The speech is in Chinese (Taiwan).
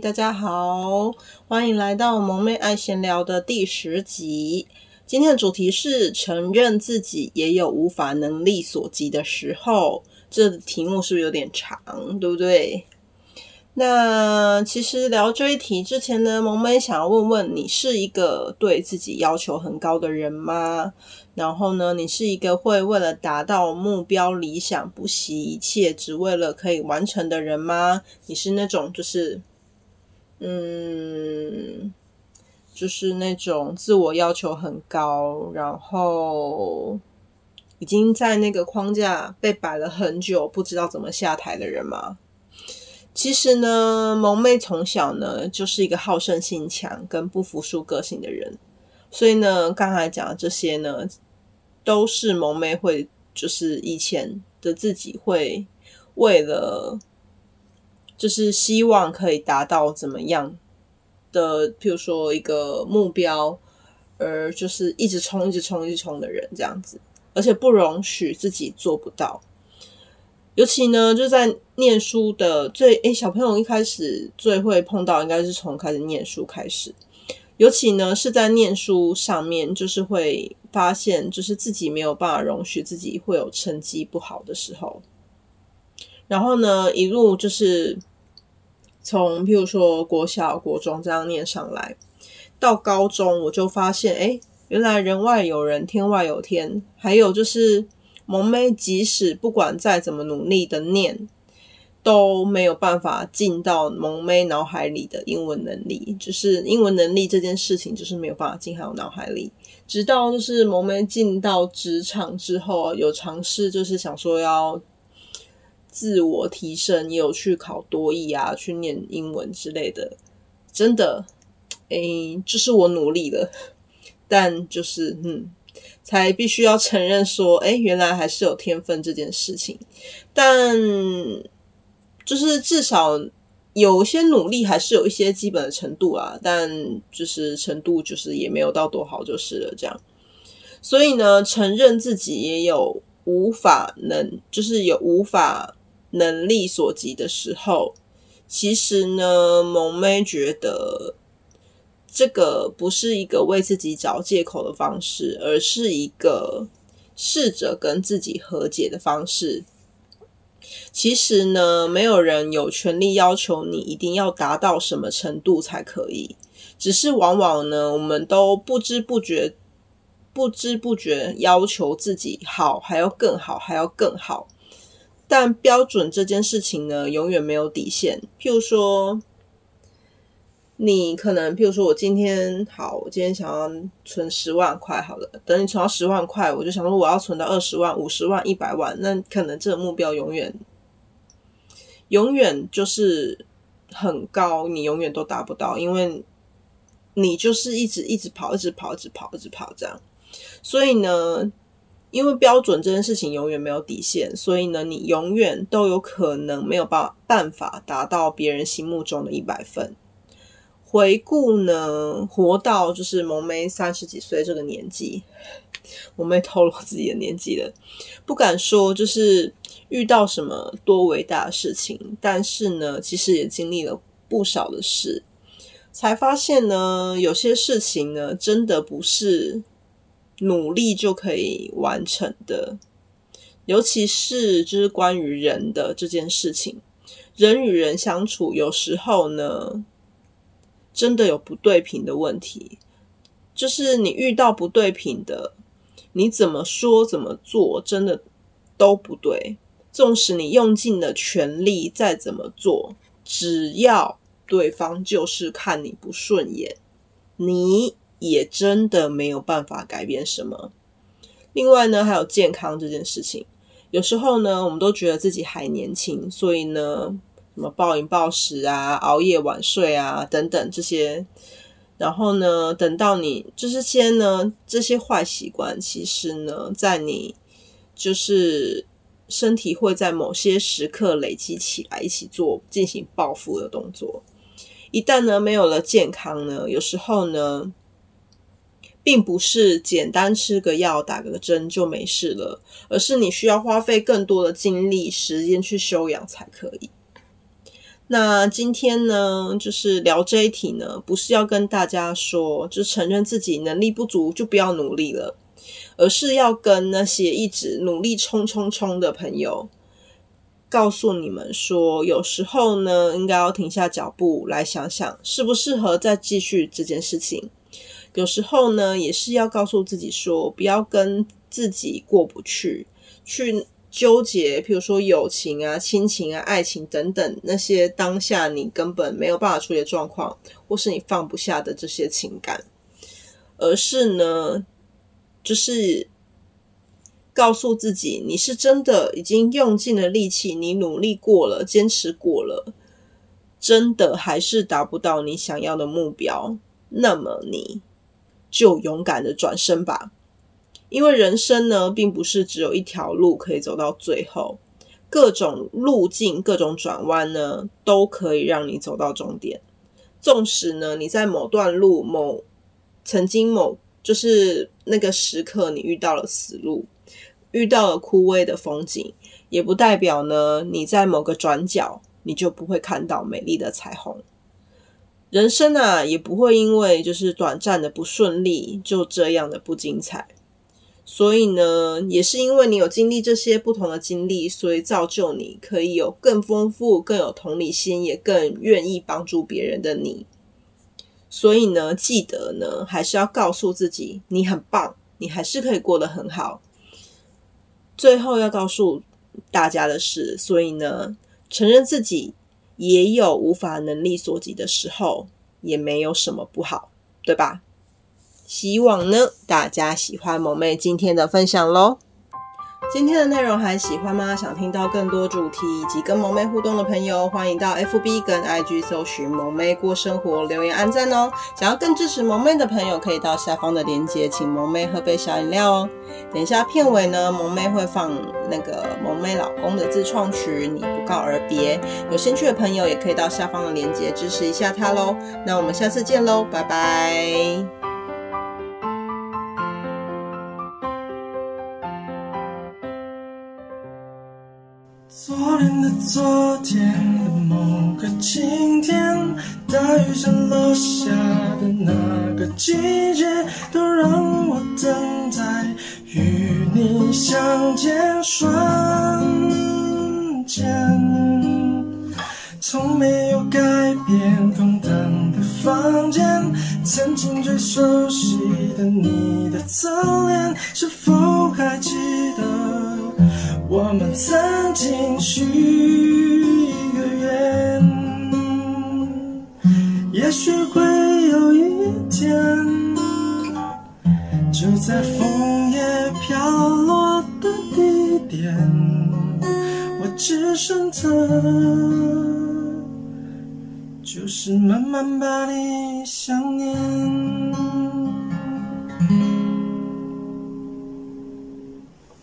大家好，歡迎來到萌咩愛閒聊的第十集。今天的主題是承認自己也有無法能力所及的時候。這個題目是不是有點長？對不對？那其實聊這一題之前呢，萌咩想要問問你是一個對自己要求很高的人嗎？然後呢，你是一個會為了達到目標理想不惜一切，只為了可以完成的人嗎？你是那種就是。嗯，就是那種自我要求很高，然後已經在那個框架被擺了很久，不知道怎麼下台的人嘛。其實呢，萌咩從小呢就是一個好勝心強、跟不服輸個性的人，所以呢，剛才講的這些呢，都是萌咩會，就是以前的自己會為了。就是希望可以達到怎麼樣的，譬如說一個目標，而就是一直衝、一直衝、一直衝的人這樣子，而且不容許自己做不到。尤其呢，就在念書的最誒、欸，小朋友一開始最會碰到，應該是從開始念書開始。尤其呢，是在念書上面，就是會發現，就是自己沒有辦法容許自己會有成績不好的時候。然後呢，一路就是。從譬如說國小、國中這樣念上來，到高中我就發現，哎、欸，原來人外有人，天外有天。還有就是萌咩，即使不管再怎麼努力的念，都沒有辦法進到萌咩腦海裡的英文能力。就是英文能力這件事情，就是沒有辦法進到我腦海裡。直到就是萌咩進到職場之後，有嘗試，就是想說要。自我提升，也有去考多益啊，去念英文之類的，真的，哎、欸，就是我努力了，但就是嗯，才必須要承認說，哎、欸，原來還是有天分這件事情，但就是至少有些努力還是有一些基本的程度啦，但就是程度就是也沒有到多好，就是了這樣，所以呢，承認自己也有無法能，就是有無法。能力所及的時候，其實呢，萌咩覺得這個不是一個為自己找借口的方式，而是一個試着跟自己和解的方式。其實呢，沒有人有權利要求你一定要達到什麼程度才可以，只是往往呢，我們都不知不覺、不知不覺要求自己好，還要更好，還要更好。但標準這件事情呢，永遠沒有底線。譬如說，你可能譬如說我今天好，我今天想要存十萬塊，好了。等你存到十萬塊，我就想說我要存到二十萬、五十萬、一百萬。那可能這個目標永遠永遠就是很高，你永遠都達不到，因為你就是一直一直跑，一直跑，一直跑，一直跑，一直跑這樣。所以呢，因為標準這件事情永遠沒有底線，所以呢，你永遠都有可能沒有辦法達到別人心目中的一百分。回顧呢，活到就是萌咩三十幾歲這個年紀，我沒透露自己的年紀了，不敢說就是遇到什麼多偉大的事情，但是呢，其實也經歷了不少的事，才發現呢，有些事情呢，真的不是。努力就可以完成的，尤其是就是關於人的這件事情，人與人相處，有時候呢，真的有不對平的問題，就是你遇到不對平的，你怎麼說怎麼做，真的都不對，縱使你用盡了全力，再怎麼做，只要對方就是看你不順眼，你。也真的沒有辦法改變什麼。另外呢，還有健康這件事情。有時候呢，我們都覺得自己還年輕，所以呢，什麼暴飲暴食啊、熬夜晚睡啊等等這些，然後呢，等到你就是些呢，這些壞習慣，其實呢，在你就是身體會在某些時刻累積起來，一起做進行報復的動作。一旦呢，沒有了健康呢，有時候呢。並不是簡單吃個藥、打個針就沒事了，而是你需要花費更多的精力、時間去修養才可以。那今天呢，就是聊這一題呢，不是要跟大家說，就承認自己能力不足就不要努力了，而是要跟那些一直努力衝衝衝的朋友，告訴你們說，有時候呢，應該要停下腳步來想想，適不適合再繼續這件事情。有時候呢，也是要告訴自己說，不要跟自己過不去，去糾結。譬如說友情啊、親情啊、愛情等等，那些當下你根本沒有辦法處理的狀況，或是你放不下的這些情感。而是呢，就是告訴自己，你是真的已經用盡了力氣，你努力過了，堅持過了，真的還是達不到你想要的目標，那麼你，就勇敢的轉身吧，因為人生呢，並不是只有一條路可以走到最後，各種路徑、各種轉彎呢，都可以讓你走到終點。縱使呢，你在某段路、某曾經某就是那個時刻，你遇到了死路，遇到了枯萎的風景，也不代表呢，你在某個轉角，你就不會看到美麗的彩虹。人生啊，也不會因為就是短暫的不順利，就這樣的不精彩。所以呢，也是因為你有經歷這些不同的經歷，所以造就你可以有更豐富、更有同理心，也更願意幫助別人的你。所以呢，記得呢，還是要告訴自己，你很棒，你還是可以過得很好。最後要告訴大家的是，所以呢，承認自己。也有無法能力所及的時候，也沒有什麼不好，對吧？希望呢，大家喜歡萌咩今天的分享嘍。今天的內容還喜歡嗎？想聽到更多主題以及跟萌妹互動的朋友，歡迎到 F B 跟 I G 搜尋“萌咩過生活”留言、按讚哦、喔。想要更支持萌咩的朋友，可以到下方的鏈接，請萌咩喝杯小飲料哦、喔。等一下片尾呢，萌咩會放那個萌咩老公的自創曲《你不告而別》，有興趣的朋友也可以到下方的鏈接支持一下他嘍。那我們下次見嘍，拜拜。昨天的某個晴天，大雨正落下的那個季節，都讓我等待與你相見瞬間。從沒有改變，空蕩的房間，曾經最熟悉的你的側臉，是只剩他，就是慢慢把你想念。